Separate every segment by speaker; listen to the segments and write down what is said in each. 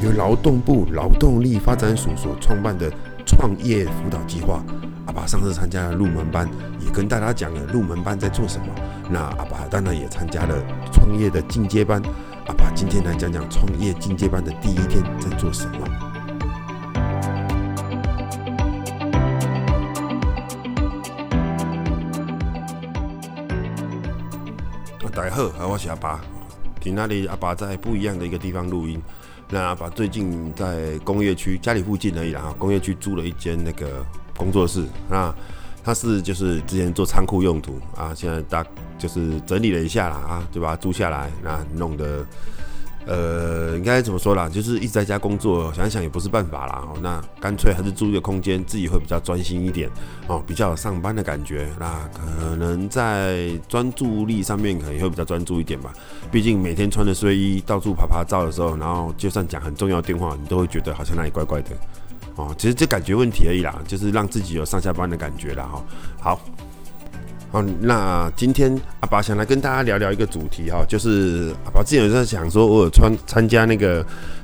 Speaker 1: 由勞動部勞動力發展署所創辦的創業輔導計劃，阿拔上次參加了入門班，也跟大家講了入門班在做什麼。那阿拔當然也參加了創業的進階班。阿拔今天來講講創業進階班的第一天在做什麼。啊，大家好，我是阿拔，在那裡阿拔在不一樣的一個地方錄音。那阿拔最近在工業區家裡附近而已啦，哈，工業區租了一間那個工作室，那它是就是之前做倉庫用途啊，現在大就是整理了一下啦，啊，就把它租下來，那、啊、弄的。呃，應該怎麼說啦？就是一直在家工作，想想也不是辦法啦。哦，那乾脆還是租一個空間，自己會比較專心一點，哦，比較有上班的感覺。那可能在專注力上面，可能也會比較專注一點吧。畢竟每天穿着睡衣到處趴趴走的時候，然後就算講很重要的電話，你都會覺得好像那裡怪怪的，哦，其實這感覺問題而已啦。就是讓自己有上下班的感覺啦。哈、哦。好。好、哦，那今天阿拔想來跟大家聊聊一個主題哈、哦，就是阿拔之前有在想說，我有參參加那個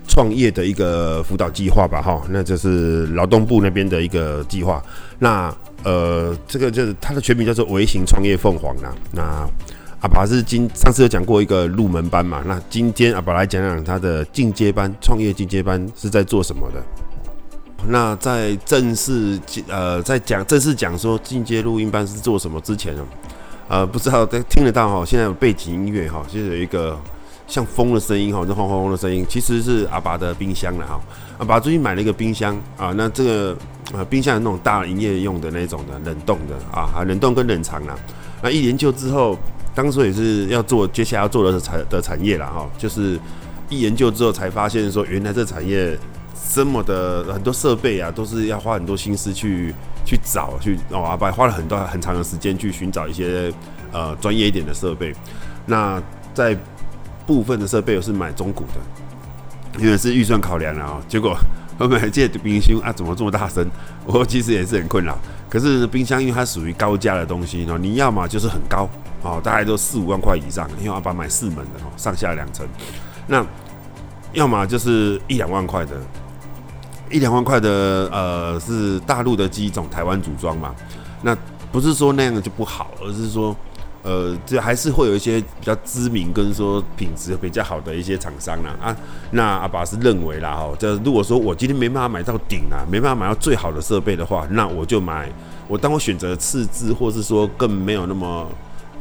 Speaker 1: 創業的一個輔導計劃吧哈、哦，那就是勞動部那邊的一個計劃。那呃，這個就是它的全名叫做“微型創業鳳凰”啦。那阿拔是今上次有講過一個入門班嘛，那今天阿拔來講講他的進階班，創業進階班是在做什麼的。那在正式進呃，在講正式講說進階錄音班是做什麼之前呢、喔，呃，不知道聽得到哈、喔？現在有背景音樂哈、喔，就有一個像風的聲音哈、喔，這轟轟轟的聲音，其實是阿爸的冰箱了哈、喔。阿爸最近買了一個冰箱啊，那這個、呃、冰箱有那種大營業用的那種的冷凍的啊，冷凍跟冷藏了，那一研究之後，當初也是要做，接下來要做的產的產業了哈、喔，就是一研究之後才發現說，原來這產業。什麼的很多設備啊，都是要花很多心思去去找去哦，阿拔花了很多很長的時間去尋找一些呃專業一點的設備。那在部分的設備我是買中古的，因為是預算考量了啊、哦。結果我買這冰箱啊，怎麼這麼大聲？我其實也是很困擾。可是冰箱因為它屬於高價的東西呢，你要麼就是很高哦，大概都四五萬塊以上，因為阿拔買四門的哦，上下兩層。那要麼就是一兩萬塊的。一兩萬塊的，呃，是大陸的機種，台灣組裝嘛。那不是說那樣就不好，而是說，呃，就還是會有一些比較知名跟說品質比較好的一些廠商呢、啊。啊，那阿拔是認為啦，哈、哦、就是如果說我今天沒辦法買到頂啊，沒辦法買到最好的設備的話，那我就買，我當我選擇次之，或是說更沒有那麼。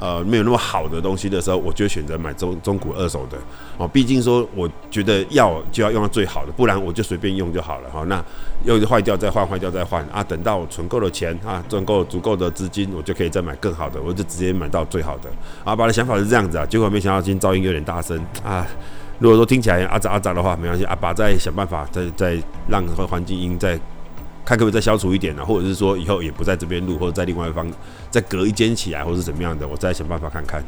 Speaker 1: 呃，沒有那麼好的東西的時候，我就選擇買中中古二手的，哦，畢竟說我覺得要就要用到最好的，不然我就隨便用就好了，好、哦，那又壞掉再換，壞掉再換啊，等到我存夠了錢啊，賺夠足夠的資金，我就可以再買更好的，我就直接買到最好的，阿拔的想法是這樣子啊。結果沒想到今天噪音有點大聲啊，如果說聽起來阿雜阿雜的話，沒關係，阿拔再想辦法，再再讓環境音再看可不可以再消除一點呢、啊，或者是說以後也不在這邊錄，或者在另外一方。再隔一間起來，或是怎麼樣的，我再想辦法看看。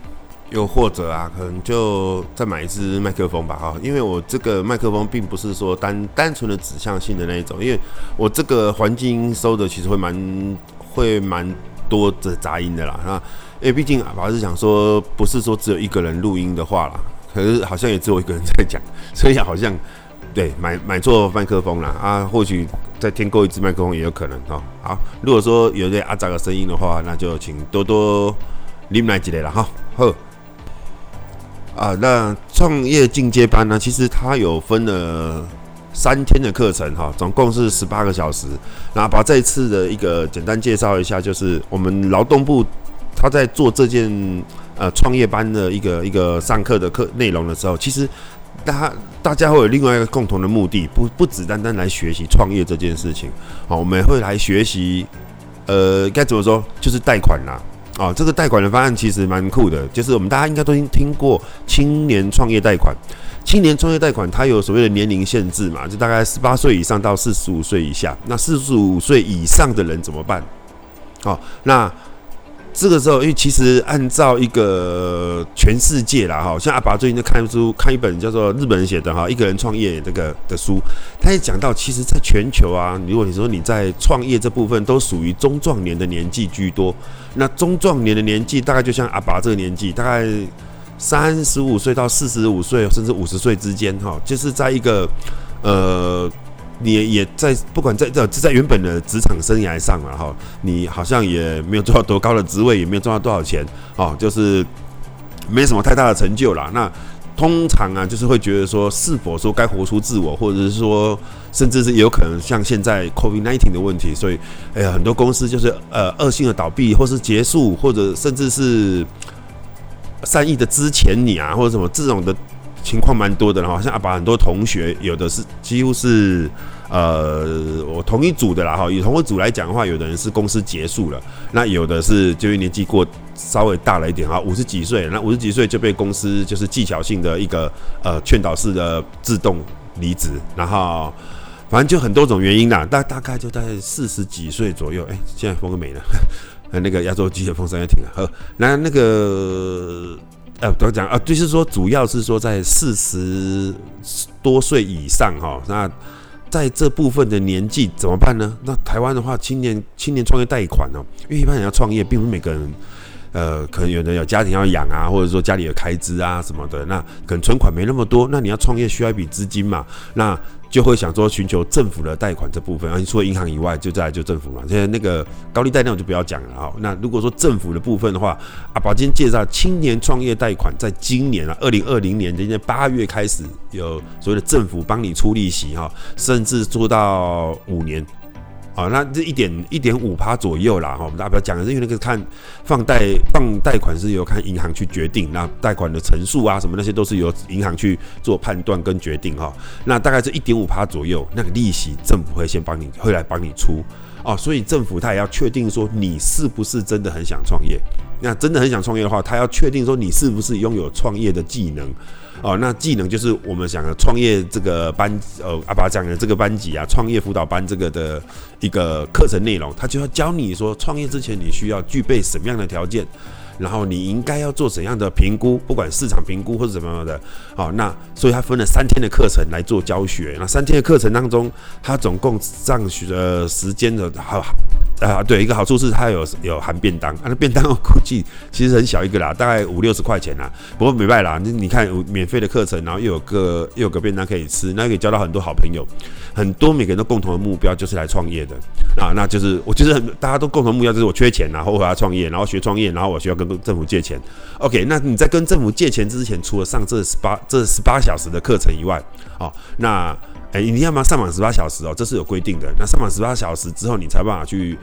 Speaker 1: 又或者啊，可能就再買一支麥克風吧，哈，因為我這個麥克風並不是說單單純的指向性的那一種，因為我這個環境收的其實會蠻會蠻多的雜音的啦，啊，因為畢竟啊，我還是想說不是說只有一個人錄音的話啦，可是好像也只有一個人在講，所以好像。對，買買錯麥克風了啊！或許再添購一支麥克風也有可能哈、哦。好，如果說有點阿雜的聲音的話，那就請多多拎麥一下了哈。呵、哦，啊，那創業進階班呢？其實它有分了三天的課程哈、哦，總共是十八個小時。那把這一次的一個簡單介紹一下，就是我們勞動部他在做這件呃創業班的一個一個上課的課內容的時候，其實。大家大家會有另外一個共同的目的，不不只單單來學習創業這件事情。好，我們會來學習，呃，該怎麼說，就是貸款啦。啊，這個貸款的方案其實蠻酷的，就是我們大家應該都聽聽過青年創業貸款。青年創業貸款它有所謂的年齡限制嘛，就大概十八歲以上到四十五歲以下。那四十五歲以上的人怎麼辦？好，那。這個時候，因為其實按照一個全世界啦，哈，像阿拔最近在看書，看一本叫做日本人寫的哈，一個人創業這個的書，他也講到，其實在全球啊，如果你說你在創業這部分，都屬於中壯年的年紀居多。那中壯年的年紀，大概就像阿拔這個年紀，大概三十五歲到四十五歲，甚至五十歲之間，哈，就是在一個，呃。你也在不管在在在原本的職場生涯上了。哈，你好像也沒有做到多高的職位，也沒有賺到多少錢哦、啊，就是沒什麼太大的成就啦。那通常啊，就是會覺得說，是否說該活出自我，或者是說，甚至是有可能像現在 COVID-19 的問題，所以哎呀，很多公司就是呃，惡性的倒閉，或是結束，或者甚至是善意的資遣你啊，或者什麼這種的。情況蠻多的，好像阿爸很多同學，有的是幾乎是呃，我同一組的啦哈。以同一組來講的話，有的人是公司結束了，那有的是就因為年紀過稍微大了一點啊，五十幾歲，那五十幾歲就被公司就是技巧性的一個呃勸導式的自動離職，然後反正就很多種原因啦，大大概就在四十幾歲左右，哎，現在風都沒了，那個亞洲機械風聲也停了。呵，那那個。不要、呃、講啊，就是說，主要是說在四十多歲以上哈、哦，那在這部分的年紀怎麼辦呢？那台灣的話，青年青年創業貸款哦，因為一般人要創業，並不是每個人。呃，可能有的人有家庭要養啊，或者說家裡的開支啊什麼的，那可能存款沒那麼多，那你要創業需要一筆資金嘛，那就會想說尋求政府的貸款這部分啊，你除了銀行以外，就再來就政府嘛。現在那個高利貸那我就不要講了啊、哦。那如果說政府的部分的話，阿拔今天介紹青年創業貸款，在今年啊，二零二零年今年八月開始有所謂的政府幫你出利息哈、哦，甚至做到五年。好、哦，那這一點一點五趴左右啦，哈、哦，我們大家不要講的是因為那個看放貸放貸款是由看銀行去決定，那貸款的成數啊什麼那些都是由銀行去做判斷跟決定哈、哦。那大概是一點五趴左右，那個利息政府會先幫你會來幫你出哦，所以政府他也要確定說你是不是真的很想創業，那真的很想創業的話，他要確定說你是不是擁有創業的技能。哦，那技能就是我們講的創業這個班，呃，阿拔講的這個班級啊，創業輔導班這個的一個課程內容，他就要教你說，創業之前你需要具備什麼樣的條件，然後你應該要做怎樣的評估，不管市場評估或者什麼樣的。好、哦，那所以他分了三天的課程來做教學，那三天的課程當中，他總共上學的時間的哈。好啊、呃，對，一個好處是它有有含便當、啊，那便當我估計其實很小一個啦，大概五六十塊錢啦。不過沒辦法啦，你你看免費的課程，然後又有個又有個便當可以吃，那可以交到很多好朋友，很多每個人都共同的目標就是來創業的啊，那就是我覺得很大家都共同的目標就是我缺錢然後我要創業，然後學創業，然後我需要跟政府借錢。OK，那你在跟政府借錢之前，除了上這十八這十八小時的課程以外，哦、啊，那。哎、欸，你要嘛上滿十八小時哦，這是有規定的。那上滿十八小時之後，你才辦法去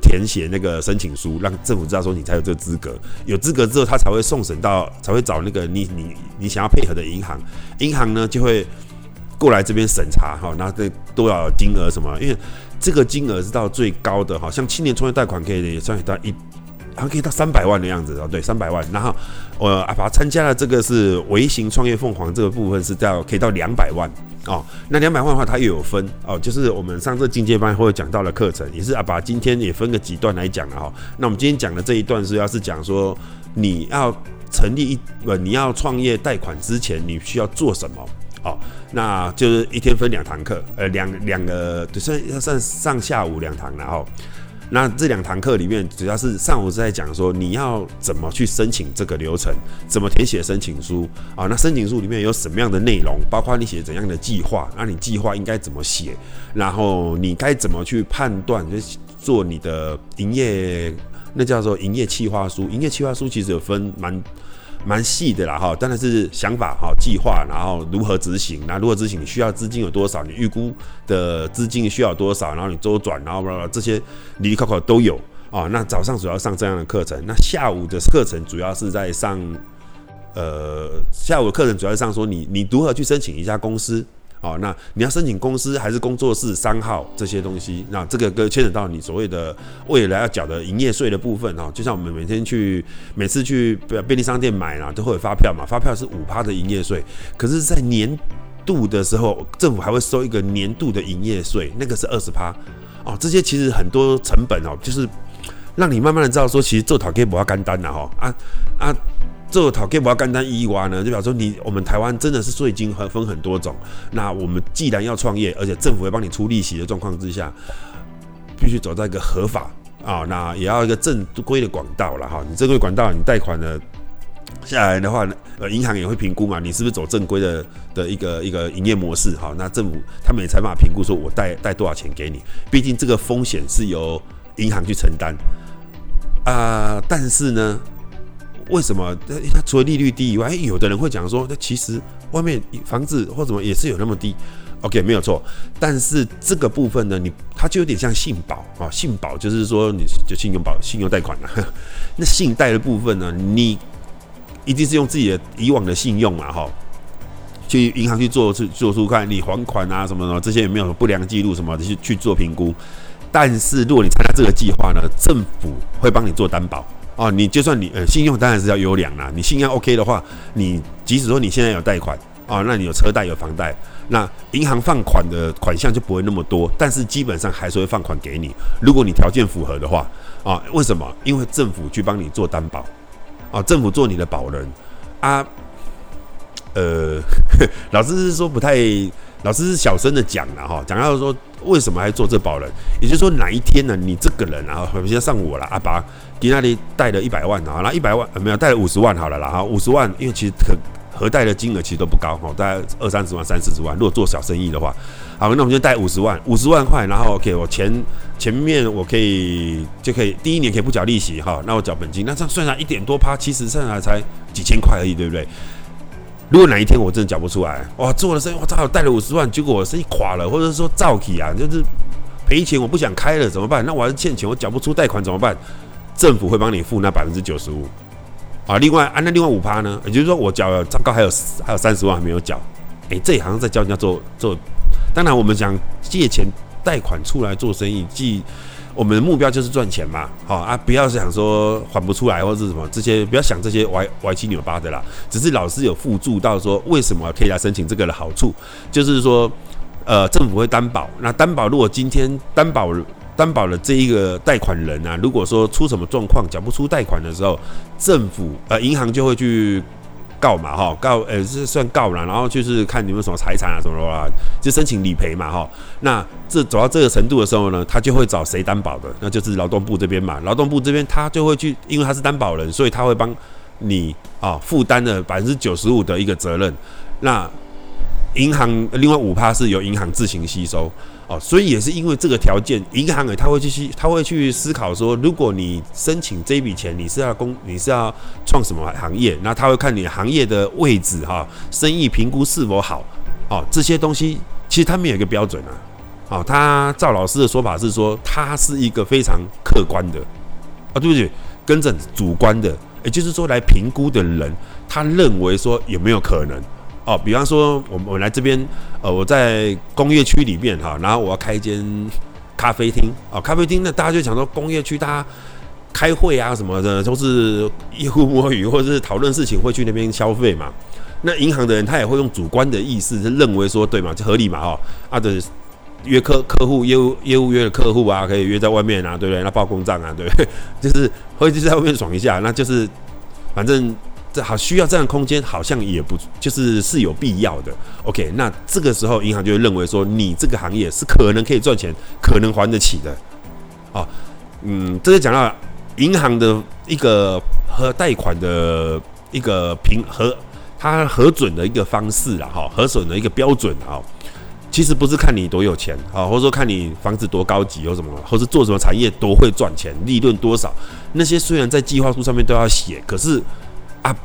Speaker 1: 填寫那個申請書，讓政府知道說你才有這個資格。有資格之後，他才會送審到，才會找那個你你你想要配合的銀行。銀行呢就會過來這邊審查哈、哦，然後這多少金額什麼？因為這個金額是到最高的哈、哦，像青年創業貸款可以算到一,一。然後可以到三百萬的樣子哦，對，三百萬。然後，呃，我阿拔參加了這個是“微型創業鳳凰”這個部分，是到可以到兩百萬哦。那兩百萬的話，它又有分哦，就是我們上次進階班會講到的課程，也是阿拔今天也分個幾段來講的哈。那我們今天講的這一段是要是講說，你要成立一呃，你要創業貸款之前，你需要做什麼哦？那就是一天分兩堂課，呃，兩兩個，算算上下午兩堂了哦。那這兩堂課裡面，主要是上午是在講說你要怎麼去申請這個流程，怎麼填寫申請書啊？那申請書裡面有什麼樣的內容？包括你寫怎樣的計劃？那你計劃應該怎麼寫？然後你該怎麼去判斷？就做你的營業，那叫做營業計劃書。營業計劃書其實有分蠻。蠻細的啦，哈，當然是想法，哈，計劃，然後如何執行，那如何執行你需要資金有多少，你預估的資金需要多少，然後你周轉，然後，然後這些你可可都有啊、哦。那早上主要上這樣的課程，那下午的課程主要是在上，呃，下午的課程主要是上說你你如何去申請一家公司。哦，那你要申請公司還是工作室、商號這些東西？那這個跟牽扯到你所謂的未來要繳的營業稅的部分哦，就像我們每天去每次去便利商店買了都會有發票嘛，發票是五趴的營業稅。可是，在年度的時候，政府還會收一個年度的營業稅，那個是二十趴。哦，這些其實很多成本哦，就是讓你慢慢的知道說，其實做淘客不要幹單了哈、哦，啊啊。這個討 a 不要干單一挖呢，就表示你我們台灣真的是稅金分很多種。那我們既然要創業，而且政府會幫你出利息的狀況之下，必須走在一個合法啊、哦，那也要一個正規的管道了哈、哦。你正規管道，你貸款呢下來的話，呃，銀行也會評估嘛，你是不是走正規的的一個一個營業模式？哈、哦，那政府他們也才把評估，說我貸貸多少錢給你？畢竟這個風險是由銀行去承擔啊、呃。但是呢。為什麼？那它除了利率低以外，欸、有的人會講說，那其實外面房子或怎麼也是有那麼低。OK，沒有錯。但是這個部分呢，你它就有點像信保啊，信保就是說你就信用保、信用貸款了、啊。那信貸的部分呢，你一定是用自己的以往的信用嘛，哈，去銀行去做去做出看你還款啊什麼的，這些有沒有不良記錄什麼的，去去做評估。但是如果你參加這個計劃呢，政府會幫你做擔保。哦，你就算你呃信用當然是要優良啦，你信用 OK 的話，你即使說你現在有貸款啊、哦，那你有車貸有房貸，那銀行放款的款項就不會那麼多，但是基本上還是會放款給你，如果你條件符合的話啊、哦，為什麼？因為政府去幫你做擔保，啊、哦，政府做你的保人啊，呃，老師是說不太，老師是小聲的講了哈，講、哦、到說為什麼還做這保人，也就是說哪一天呢，你這個人啊，比如像我啦，阿、啊、拔。給那裡貸了一百萬、啊、萬，好，那一百萬呃沒有，貸了五十萬好了啦，哈，五十萬，因為其實可核貸的金額其實都不高，哈，大概二三十萬、三四十萬。如果做小生意的話，好，那我們就貸五十萬，五十萬塊，然後給、OK，我前前面我可以就可以第一年可以不繳利息，哈，那我繳本金，那這樣算下來一點多趴，其實算下來才幾千塊而已，對不對？如果哪一天我真的繳不出來，哇，做的生意我正好貸了五十萬，結果我生意垮了，或者說照起啊，就是賠錢，我不想開了，怎麼辦？那我還是欠錢，我繳不出貸款怎麼辦？政府會幫你付那百分之九十五，啊，另外啊，那另外五趴呢？也就是說我，我繳了，糟糕，還有還有三十萬還沒有繳，誒、欸，這一行在教人家做做。當然，我們想借錢貸款出來做生意，即我們的目標就是賺錢嘛，好、哦、啊，不要想說還不出來或者是什麼這些，不要想這些歪歪七扭八的啦。只是老師有輔助到說，為什麼可以來申請這個的好處，就是說，呃，政府會擔保。那擔保如果今天擔保。擔保的這一個貸款人呢、啊，如果說出什麼狀況，繳不出貸款的時候，政府呃銀行就會去告嘛齁，告呃是算告了，然後就是看你們什麼財產啊什麼的啦，就申請理賠嘛齁。那這走到這個程度的時候呢，他就會找誰擔保的？那就是勞動部這邊嘛。勞動部這邊他就會去，因為他是擔保人，所以他會幫你啊負擔了百分之九十五的一個責任。那銀行、呃、另外五趴是由銀行自行吸收。哦，所以也是因為這個條件，銀行誒，他會去去，他會去思考說，如果你申請這筆錢，你是要工，你是要創什麼行業？那他會看你行業的位置哈、哦，生意評估是否好？哦，這些東西其實他沒有一個標準啊。哦，他趙老師的說法是說，他是一個非常客觀的，啊，對不對？跟着主觀的，也、欸、就是說來評估的人，他認為說有沒有可能？哦，比方說，我我來這邊，呃，我在工業區裡面哈，然後我要開一間咖啡廳，哦，咖啡廳那大家就想說，工業區大家開會啊什麼的都、就是業務摸魚，或者是討論事情會去那邊消費嘛。那銀行的人他也會用主觀的意思是認為說，對嘛，就合理嘛、哦，哈啊的約客戶客戶業務業務約的客戶啊，可以約在外面啊，對不對？那報公賬啊，對，就是會去在外面爽一下，那就是反正。這好需要這樣空間，好像也不就是是有必要的。OK，那這個時候銀行就會認為說，你這個行業是可能可以賺錢，可能還得起的。好、哦，嗯，這就講到銀行的一個和貸款的一個評和它核准的一個方式啦哈，核、哦、准的一個標準啊、哦。其實不是看你多有錢啊、哦，或者說看你房子多高級，有什麼，或是做什麼產業多會賺錢，利潤多少，那些雖然在計劃書上面都要寫，可是。阿阿、啊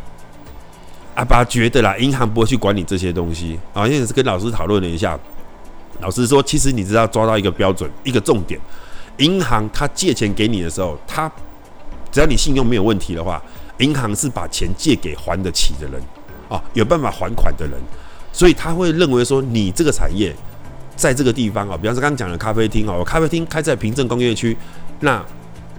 Speaker 1: 啊、拔覺得啦，銀行不會去管你這些東西啊，因為是跟老師討論了一下，老師說，其實你知道抓到一個標準，一個重點，銀行他借錢給你的時候，他只要你信用沒有問題的話，銀行是把錢借給還得起的人啊，有辦法還款的人，所以他會認為說，你這個產業在這個地方哦、啊，比方說剛剛講的咖啡廳哦、啊，咖啡廳開在平鎮工業區，那。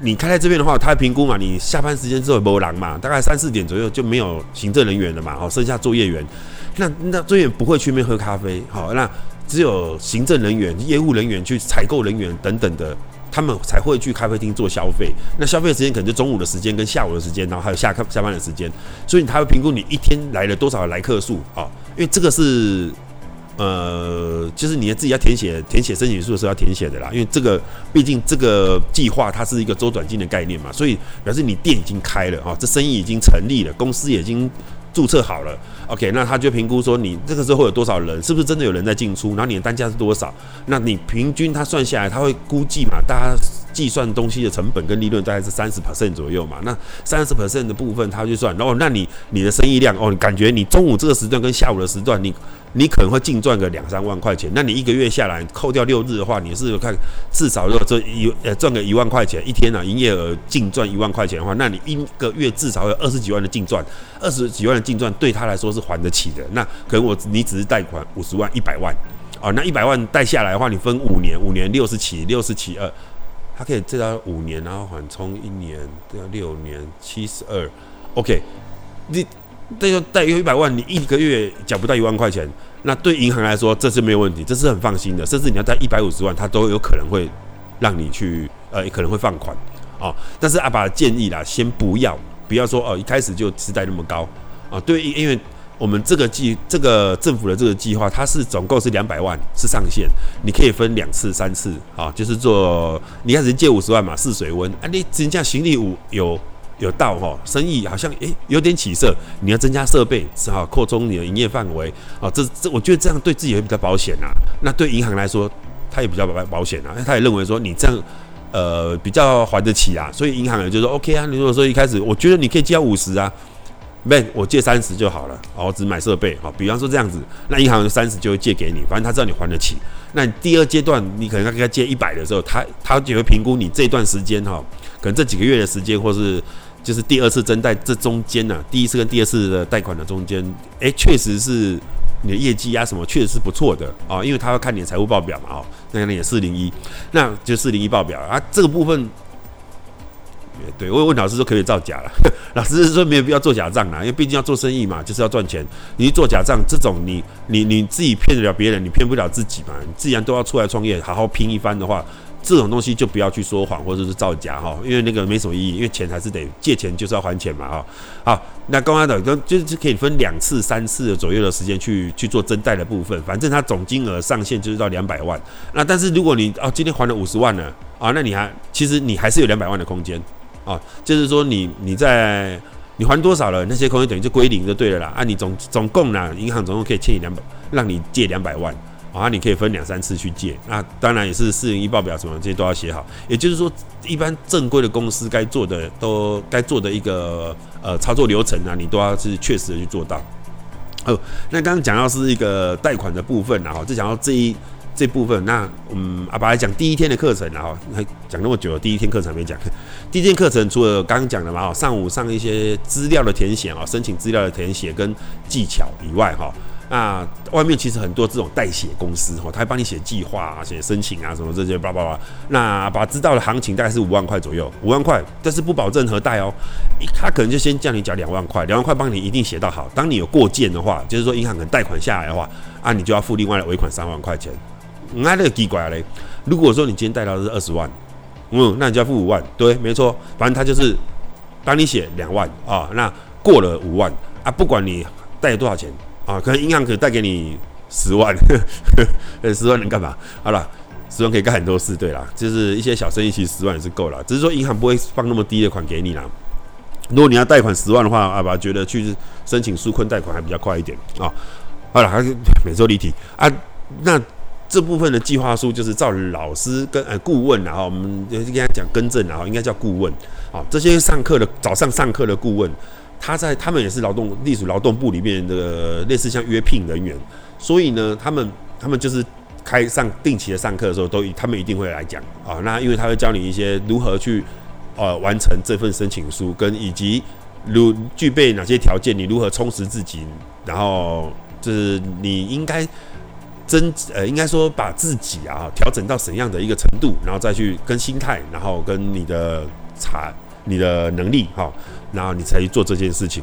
Speaker 1: 你開在這邊的話，他會評估嘛，你下班時間之後沒有人嘛，大概三四點左右就沒有行政人員了嘛，好、哦，剩下作業員，那那作業員不會去那邊喝咖啡，好、哦，那只有行政人員、業務人員、去採購人員等等的，他們才會去咖啡廳做消費。那消費時間可能就中午的時間跟下午的時間，然後還有下課下班的時間，所以他會評估你一天來了多少來客數，好、哦，因為這個是。呃，就是你要自己要填寫，填寫申請書的時候要填寫的啦。因為這個畢竟這個計劃它是一個週轉金的概念嘛，所以表示你店已經開了啊、哦，這生意已經成立了，公司已經註冊好了。OK，那他就評估說你這個時候有多少人，是不是真的有人在進出？然後你的單價是多少？那你平均他算下來，他會估計嘛，大家計算東西的成本跟利潤大概是三十 percent 左右嘛。那三十 percent 的部分他就算，然後、哦、那你你的生意量哦，你感覺你中午這個時段跟下午的時段你。你可能會淨賺個兩三萬塊錢，那你一個月下來扣掉六日的話，你是看至少有這一呃賺個一萬塊錢一天呢、啊？營業額淨賺一萬塊錢的話，那你一個月至少有二十幾萬的淨賺，二十幾萬的淨賺對他來說是還得起的。那可能我你只是貸款五十萬一百萬，哦，那一百萬貸下來的話，你分五年，五年六十七六十七二、呃，他可以最大五年，然後緩衝一年，要、啊、六年七十二，OK，你，貸個貸個一百萬，你一個月繳不到一萬塊錢，那對銀行來說，這是沒有問題，這是很放心的。甚至你要貸一百五十萬，它都有可能會讓你去，呃，可能會放款啊、哦。但是阿爸建議啦，先不要，不要說哦、呃，一開始就只貸那麼高啊、哦。對，因為我們這個計，這個政府的這個計劃，它是總共是兩百萬是上限，你可以分兩次、三次啊、哦，就是做你開始借五十萬嘛，試水溫啊，你增加行李五有。有有到哈、哦，生意好像誒有點起色，你要增加設備，哈，擴充你的營業範圍，啊、哦，這這我覺得這樣對自己會比較保險啊。那對銀行來說，他也比較保保險啊，他也認為說你這樣，呃，比較還得起啊。所以銀行也就說 OK 啊，你如果說一開始我覺得你可以借五十啊，沒，我借三十就好了，哦，我只買設備，哈、哦，比方說這樣子，那銀行三十就會借給你，反正他知道你還得起。那你第二階段你可能要跟他借一百的時候，他他就會評估你這段時間哈、哦，可能這幾個月的時間或是。就是第二次增貸這中間呢、啊，第一次跟第二次的貸款的中間，哎，確實是你的業績啊什麼，確實是不錯的啊、哦，因為他要看你的財務報表嘛哦，那可能也是四零一，那、就是四零一，那就四零一報表啊，這個部分也對，我也問老師說可以造假了，老師是說沒有必要做假賬啊，因為畢竟要做生意嘛，就是要賺錢，你去做假賬這種你，你你你自己騙得了別人，你騙不了自己嘛，你既然都要出來創業，好好拼一番的話，這種東西就不要去說謊或者是造假哈，因為那個沒什麼意義，因為錢還是得借錢就是要還錢嘛啊。好，那剛剛的，就就是可以分兩次、三次左右的時間去去做增貸的部分，反正它總金額上限就是到兩百萬。那但是如果你哦今天還了五十萬呢？啊，那你還其實你還是有兩百萬的空間啊，就是說你你在你還多少了，那些空間等於就歸零就對了啦啊。啊，你總總共呢銀行總共可以欠你兩百，讓你借兩百萬。啊，你可以分兩三次去借，那當然也是四零一報表什麼這些都要寫好，也就是說，一般正規的公司該做的都該做的一個呃操作流程啊，你都要是確實的去做到。哦，那剛剛講到是一個貸款的部分啊，然後就講到這一這部分，那嗯，啊，阿拔來講第一天的課程，然後那講那麼久了，第一天課程還沒講。第一天課程除了剛剛講的嘛，上午上一些資料的填寫啊，申請資料的填寫跟技巧以外啊，哈。那、啊、外面其實很多這種代寫公司吼，他、哦、還幫你寫計劃啊、寫申請啊什麼這些，叭叭叭。那把知道的行情大概是五萬塊左右，五萬塊，但是不保證核貸哦。他、啊、可能就先叫你繳兩萬塊，兩萬塊幫你一定寫到好。當你有過件的話，就是說銀行可能貸款下來的話，啊，你就要付另外的尾款三萬塊錢。那這個奇怪嘞，如果說你今天貸到的是二十萬，嗯，那你就要付五萬。對，沒錯，反正他就是幫你寫兩萬啊，那過了五萬啊，不管你貸了多少錢。啊、哦，可能銀行可以貸給你十萬，那十萬能幹嘛？好了，十萬可以幹很多事，對啦，就是一些小生意，其實十萬也是夠了。只是說銀行不會放那麼低的款給你啦。如果你要貸款十萬的話，阿、啊、拔覺得去申請紓困貸款還比較快一點啊、哦。好了，還是免收利息啊。那這部分的計劃書就是照老師跟呃、哎、顧問然後我們應該跟他講更正然後應該叫顧問啊、哦。這些上課的早上上課的顧問。他在他們，也是勞動隸屬勞動部裡面的類似像約聘人員，所以呢，他們他們就是開上定期的上課的時候，都他們一定會來講啊。那因為他會教你一些如何去呃完成這份申請書，跟以及如具備哪些條件，你如何充實自己，然後就是你應該真呃應該說把自己啊調整到怎樣的一個程度，然後再去跟心態，然後跟你的查。你的能力哈，然後你才去做這件事情。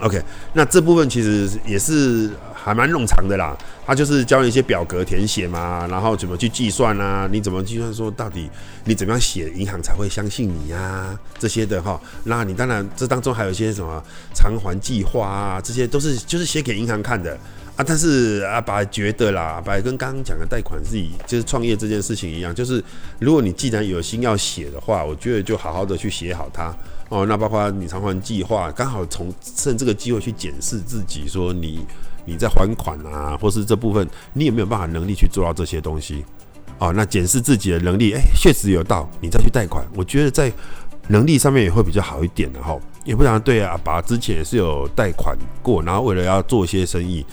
Speaker 1: OK，那這部分其實也是還蠻冗長的啦，它就是教你一些表格填寫嘛，然後怎麼去計算啊？你怎麼計算說到底你怎麼樣寫銀行才會相信你呀？啊？這些的哈，那你當然這當中還有一些什麼償還計劃啊，這些都是就是寫給銀行看的。啊，但是阿拔覺得啦，阿拔跟剛剛講的貸款是以就是創業這件事情一樣，就是如果你既然有心要寫的話，我覺得就好好的去寫好它哦。那包括你償還計劃，剛好從趁這個機會去檢視自己，說你你在還款啊，或是這部分你有沒有辦法能力去做到這些東西哦。那檢視自己的能力，哎，確實有到你再去貸款，我覺得在能力上面也會比較好一點的哈、哦。也不然，對啊，阿拔之前也是有貸款過，然後為了要做一些生意。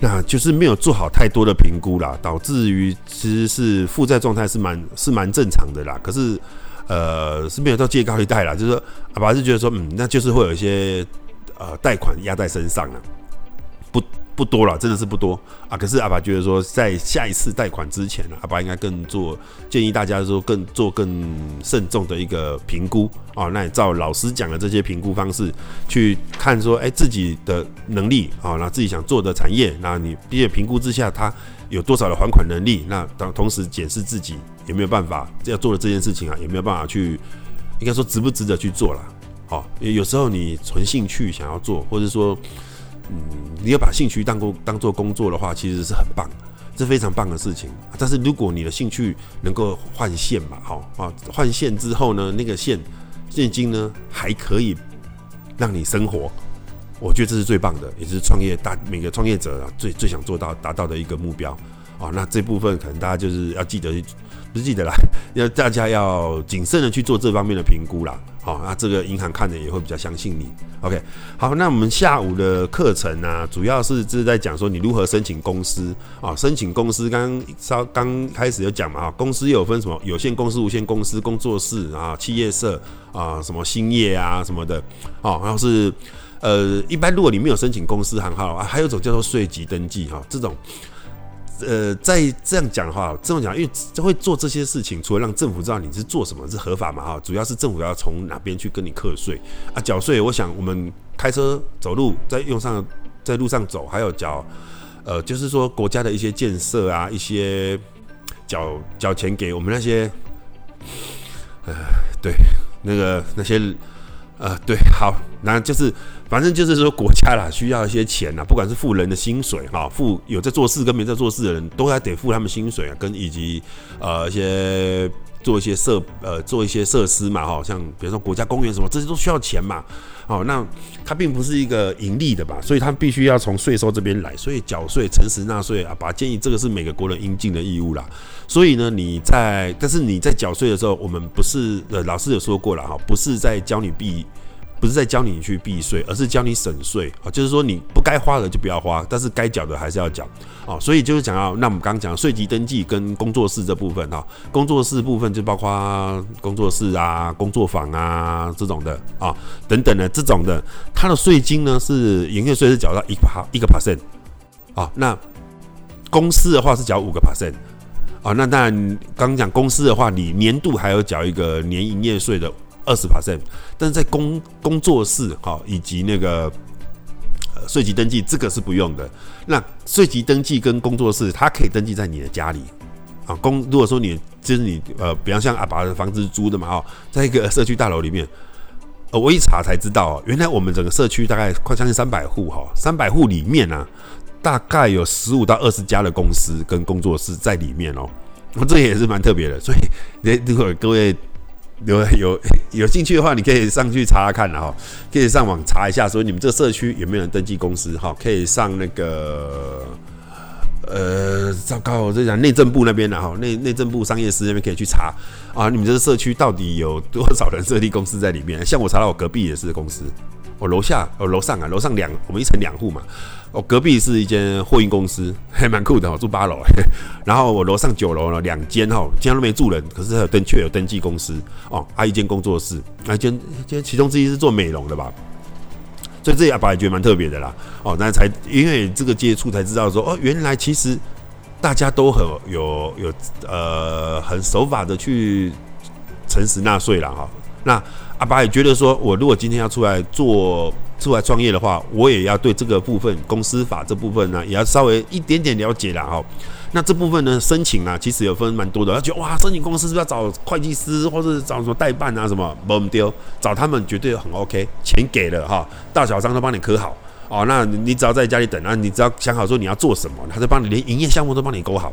Speaker 1: 那就是沒有做好太多的評估啦，導致於其實是負債狀態是蠻是蠻正常的啦，可是，呃，是沒有到借高利貸啦，就是說阿拔是覺得說，嗯，那就是會有一些呃貸款壓在身上了啊，不。不多了，真的是不多啊！可是阿拔覺得說，在下一次貸款之前呢、啊，阿拔應該更做建議大家說更做更慎重的一個評估啊。那你照老師講的這些評估方式去看說，說哎自己的能力啊，然後自己想做的產業，那你畢竟評估之下，他有多少的還款能力？那當同時檢視自己有沒有辦法這做的這件事情啊，有沒有辦法去應該說值不值得去做了、啊？有時候你純興趣想要做，或者說。嗯，你要把興趣當工當做工作的話，其實是很棒，這非常棒的事情。但是如果你的興趣能夠換線嘛，好、哦、啊換線之後呢，那個線現金呢還可以讓你生活，我覺得這是最棒的，也是創業大每個創業者、啊、最最想做到達到的一個目標啊、哦。那這部分可能大家就是要記得，不是記得啦，要大家要謹慎的去做這方面的評估啦。好，那、哦啊、這個銀行看的也會比較相信你。OK，好，那我們下午的課程呢、啊，主要是就是在講說你如何申請公司啊、哦，申請公司剛剛剛開始有講嘛，公司有分什麼有限公司、無限公司、工作室啊、企業社啊、呃、什麼興業啊什麼的，哦，然後是呃，一般如果你沒有申請公司行號啊，還有一種叫做稅籍登記哈、哦，這種。呃，在這樣講的話，這樣講，因為就會做這些事情，除了讓政府知道你是做什麼是合法嘛哈，主要是政府要從哪邊去跟你課稅啊、繳稅。我想我們開車、走路在用上，在路上走，還有繳呃，就是說國家的一些建設啊，一些繳繳錢給我們那些呃，對那個那些呃，對，好，那就是。反正就是說，國家啦需要一些錢啦、啊。不管是付人的薪水哈、哦，付有在做事跟沒在做事的人，都還得付他們薪水啊，跟以及呃一些做一些設呃做一些設施嘛哈、哦，像比如說國家公園什麼，這些都需要錢嘛。好、哦，那它並不是一個盈利的吧，所以它必須要從稅收這邊來，所以繳稅、誠實納稅啊，把建議這個是每個國人應盡的義務啦。所以呢，你在但是你在繳稅的時候，我們不是呃老師有說過了哈、哦，不是在教你幣。不是在教你去避稅，而是教你省稅啊、哦，就是說你不該花的就不要花，但是該繳的還是要繳啊、哦。所以就是講到那我們剛剛講的稅籍登記跟工作室這部分哈、哦，工作室部分就包括工作室啊、工作坊啊這種的啊、哦、等等的這種的，它的稅金呢是營業稅是繳到一趴一個 percent 啊，那公司的話是繳五個 percent 啊、哦，那當然剛剛講公司的話，你年度還要繳一個年營業稅的。二十 percent，但是在工工作室哈、哦、以及那個、呃、稅籍登記，這個是不用的。那稅籍登記跟工作室，它可以登記在你的家裡啊。工如果說你就是你呃，比方像阿拔的房子租的嘛哈、哦，在一個社區大樓裡面。呃，我一查才知道、哦，原來我們整個社區大概快將近三百戶哈、哦，三百戶裡面呢、啊，大概有十五到二十家的公司跟工作室在裡面哦。哦這也是蠻特別的，所以如果各位。有有有興趣的話，你可以上去查查看哈、哦，可以上網查一下，說你們這個社區有沒有人登記公司哈、哦，可以上那個呃，糟糕，我在講內政部那邊的哈、哦，內內政部商業司那邊可以去查啊，你們這個社區到底有多少人設立公司在裡面？像我查到我隔壁也是公司，我樓下我樓上啊，樓上兩我們一層兩戶嘛。哦，隔壁是一間貨運公司，還蠻酷的哦，住八樓。然後我樓上九樓呢，兩間哈、哦，今天都沒住人，可是還有登確有登記公司哦，還、啊、一間工作室，那間間其中之一是做美容的吧。所以這裡阿爸也覺得蠻特別的啦。哦，那才因為這個接觸才知道說，哦，原來其實大家都很有有呃很守法的去誠實納稅了哈、哦。那阿爸也覺得說我如果今天要出來做。出來創業的話，我也要對這個部分公司法這部分呢、啊，也要稍微一點點了解了哈、哦。那這部分呢，申請啊，其實有分蠻多的。而且哇，申請公司是不是要找會計師或者找什麼代辦啊，什麼不用丟，找他們絕對很 OK，錢給了哈、哦，大小章都幫你刻好哦。那你只要在家裡等啊，你只要想好說你要做什麼，他就幫你連營業項目都幫你勾好。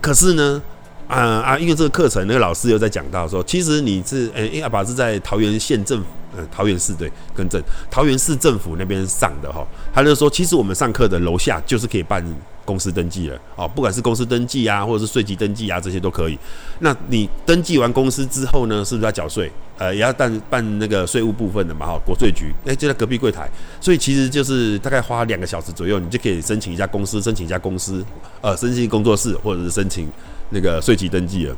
Speaker 1: 可是呢？啊、呃、啊！因為這個課程，那個老師又在講到說，其實你是誒，因、欸、為、欸、阿拔是在桃園縣政府，呃，桃園市對，更正桃園市政府那邊上的哈，他就說，其實我們上課的樓下就是可以辦。公司登記了哦，不管是公司登記啊，或者是稅籍登記啊，這些都可以。那你登記完公司之後呢，是不是要繳稅？呃，也要辦辦那個稅務部分的嘛，哈、哦，國稅局，哎、欸，就在隔壁櫃檯。所以其實就是大概花兩個小時左右，你就可以申請一家公司，申請一家公司，呃，申請工作室，或者是申請那個稅籍登記了。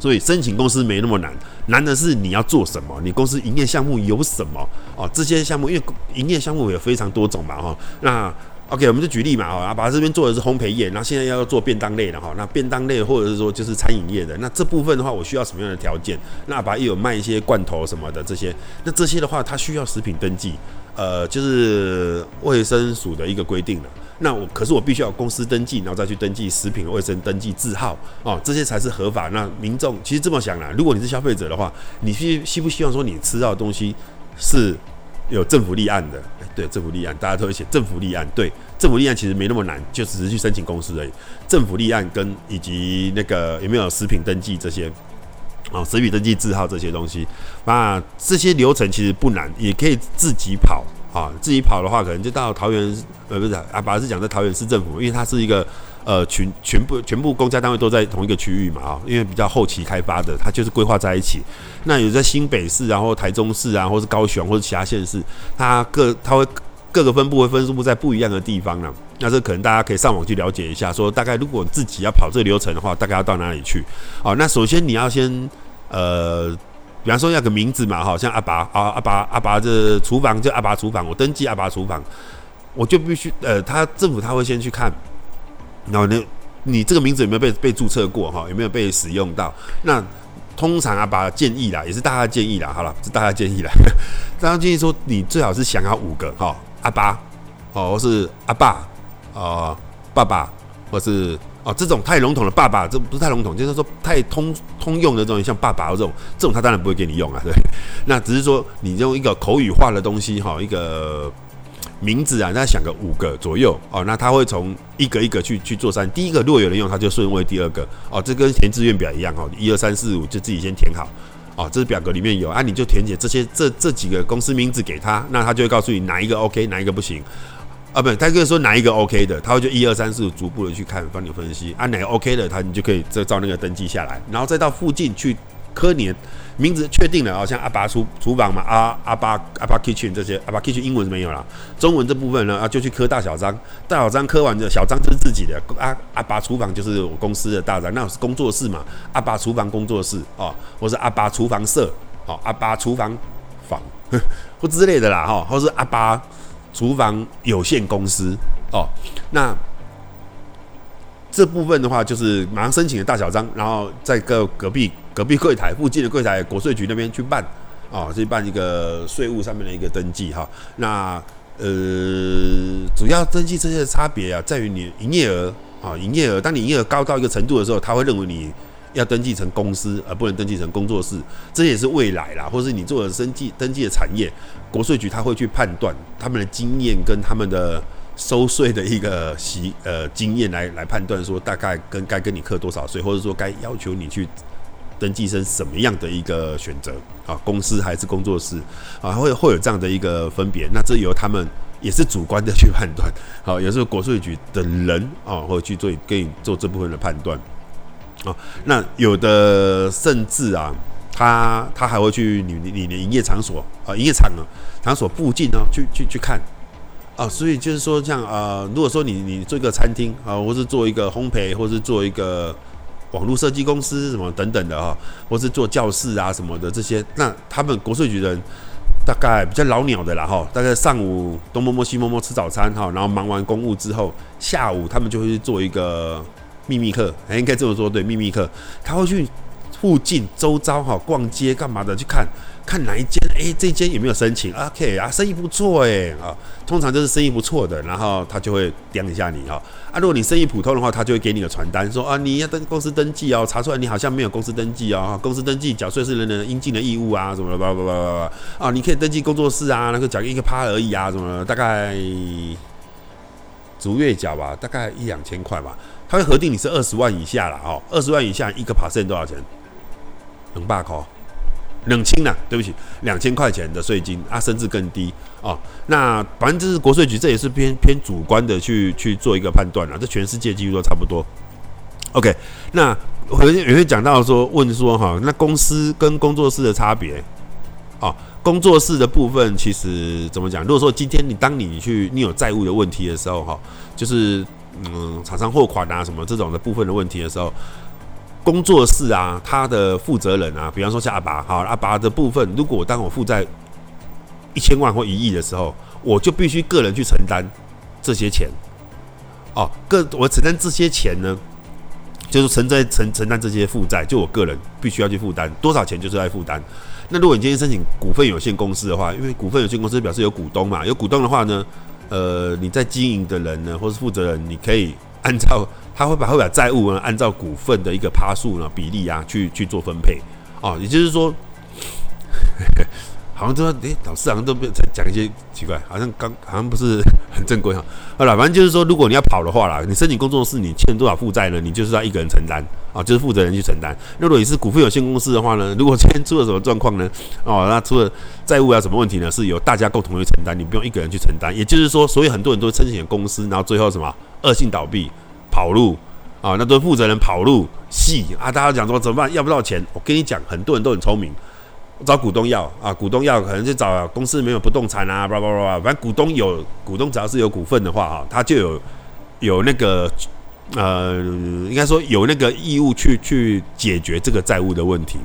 Speaker 1: 所以申請公司沒那麼難，難的是你要做什麼，你公司營業項目有什麼哦？這些項目因為營業項目有非常多種嘛，哈、哦，那。OK，我們就舉例嘛，啊，阿拔這邊做的是烘焙業，然後現在要做便當類的哈，那便當類或者是說就是餐飲業的，那這部分的話，我需要什麼樣的條件？那阿拔也有賣一些罐頭什麼的這些，那這些的話，它需要食品登記，呃，就是衛生署的一個規定了。那我，可是我必須要公司登記，然後再去登記食品衛生登記字號哦。這些才是合法。那民眾其實這麼想啊，如果你是消費者的話，你希不希望說你吃到的東西是有政府立案的，對，政府立案，大家都會寫政府立案。對，政府立案其實沒那麼難，就只是去申請公司而已。政府立案跟以及那個有沒有食品登記這些啊、哦，食品登記字號這些東西，那這些流程其實不難，也可以自己跑啊、哦。自己跑的話，可能就到桃園，呃，不是啊，本來是講在桃園市政府，因為它是一個。呃，全全部全部公家單位都在同一個區域嘛、哦？啊，因為比較後期開發的，它就是規劃在一起。那有在新北市、啊，然後台中市啊，或是高雄，或者其他縣市，它各它會各個分部會分布在不一樣的地方呢、啊。那這可能大家可以上網去了解一下說，說大概如果自己要跑這個流程的話，大概要到哪裡去？好、哦，那首先你要先呃，比方說要個名字嘛，哈、哦，像阿拔啊、哦，阿拔阿拔這廚房就阿拔廚房，我登記阿拔廚房，我就必須呃，他政府他會先去看。然後呢，你這個名字有沒有被被註冊過哈？有、哦、沒有被使用到？那通常阿拔建議啦，也是大家建議啦，好了，是大家建議啦。呵呵大家建議說，你最好是想要五個哈、哦，阿拔哦，或是阿拔啊、呃，爸爸，或是哦這種太籠統的爸爸，這不是太籠統，就是說太通通用的這種，像爸爸這種，這種他當然不會給你用啊，對。那只是說你用一個口語化的東西哈、哦，一個。名字啊，那想個五個左右哦，那他會從一個一個去去做三，第一個如果有人用，他就順位第二個哦，這跟填志願表一樣哦，一二三四五就自己先填好哦，這是表格裡面有啊，你就填寫這些這這幾個公司名字給他，那他就會告訴你哪一個 OK，哪一個不行，呃、啊，不，他就說哪一個 OK 的，他會就一二三四五逐步的去看，幫你分析啊，哪個 OK 的他你就可以再照那個登記下來，然後再到附近去科年。名字確定了哦，像阿拔廚廚房嘛，阿、啊、阿拔、啊、阿拔、啊、kitchen 這些阿拔、啊、kitchen 英文是沒有啦，中文這部分呢，啊就去刻大小章，大小章刻完就小章就是自己的，阿阿拔廚房就是我公司的大章，那我是工作室嘛，阿、啊、拔廚房工作室哦，或是阿、啊、拔廚房社，哦阿拔、啊、廚房房呵呵或之類的啦，哈、哦、或是阿、啊、拔廚房有限公司哦，那。這部分的話，就是馬上申請的大小章，然後在個隔壁隔壁櫃檯附近的櫃檯國稅局那邊去辦，啊、哦，去辦一個稅務上面的一個登記哈。那呃，主要登記這些差別啊，在於你營業額啊、哦，營業額，當你營業額高到一個程度的時候，他會認為你要登記成公司，而不能登記成工作室。這也是未來啦，或者是你做了登記登記的產業，國稅局他會去判斷他們的經驗跟他們的。收稅的一個習呃經驗來來判斷說大概跟該跟你課多少稅，或者說該要求你去登記成什麼樣的一個選擇啊，公司還是工作室啊，會會有這樣的一個分別。那這由他們也是主觀的去判斷，好、啊，有時候國稅局的人啊，會去做給你做這部分的判斷啊。那有的甚至啊，他他還會去你你，你的營業場所啊，營業場、啊、場所附近呢、啊、去去去看。啊，所以就是說，像、呃、啊，如果說你你做一個餐廳啊，或是做一個烘焙，或是做一個網絡設計公司什麼等等的哈、啊，或是做教室啊什麼的這些，那他們國稅局人大概比較老鳥的啦哈、啊，大概上午東摸摸西摸摸吃早餐哈、啊，然後忙完公務之後，下午他們就會去做一個秘密客，哎，應該這麼說對，秘密客，他會去附近周遭哈、啊、逛街幹嘛的去看。看哪一間？哎、欸，這間有沒有申請？OK 啊，生意不錯哎啊，通常就是生意不錯的，然後他就會點一下你哈、哦，啊，如果你生意普通的話，他就會給你的傳單，說啊，你要登公司登記哦，查出來你好像沒有公司登記哦，哦公司登記繳稅是人人應盡的義務啊，什麼的，叭啊，你可以登記工作室啊，那個繳一個趴而已啊，什麼的，大概逐月繳吧，大概一兩千塊吧。他會核定你是二十萬以下了哦，二十萬以下一個趴剩多少錢？能巴口。冷清了，對不起，兩千塊錢的稅金，啊，甚至更低啊、哦。那反正這是國稅局，這也是偏偏主觀的去去做一個判斷了、啊。這全世界幾乎都差不多。OK，那回也會講到說，問說哈、啊，那公司跟工作室的差別啊，工作室的部分其實怎麼講？如果說今天你當你去你有債務的問題的時候，哈、啊，就是嗯，廠商貨款啊什麼這種的部分的問題的時候。工作室啊，他的負責人啊，比方說像阿拔好阿拔的部分，如果我當我負債一千萬或一億的時候，我就必須個人去承擔這些錢。哦，個我承擔這些錢呢，就是承擔承承擔這些負債，就我個人必須要去負擔多少錢，就是要負擔。那如果你今天申請股份有限公司的話，因為股份有限公司表示有股東嘛，有股東的話呢，呃，你在經營的人呢，或是負責人，你可以按照。他會把會把債務呢，按照股份的一個趴數呢，比例啊，去去做分配哦。也就是說，呵呵，好像說，哎、欸，老師好像都沒有在講一些奇怪，好像剛好像不是很正規哈、哦。好了，反正就是說，如果你要跑的話啦，你申請工作室，你欠多少負債呢？你就是要一個人承擔啊、哦，就是負責人去承擔。那如果你是股份有限公司的話呢，如果今天出了什麼狀況呢？哦，那出了債務啊什麼問題呢？是由大家共同去承擔，你不用一個人去承擔。也就是說，所以很多人都申請公司，然後最後什麼惡性倒閉。跑路啊，那都負責人跑路戲啊！大家講說怎麼辦？要不到錢，我跟你講，很多人都很聰明，找股東要啊，股東要可能就找公司沒有不動產啊，叭叭叭叭，反正股東有股東，只要是有股份的話啊，他就有有那個呃，應該說有那個義務去去解決這個債務的問題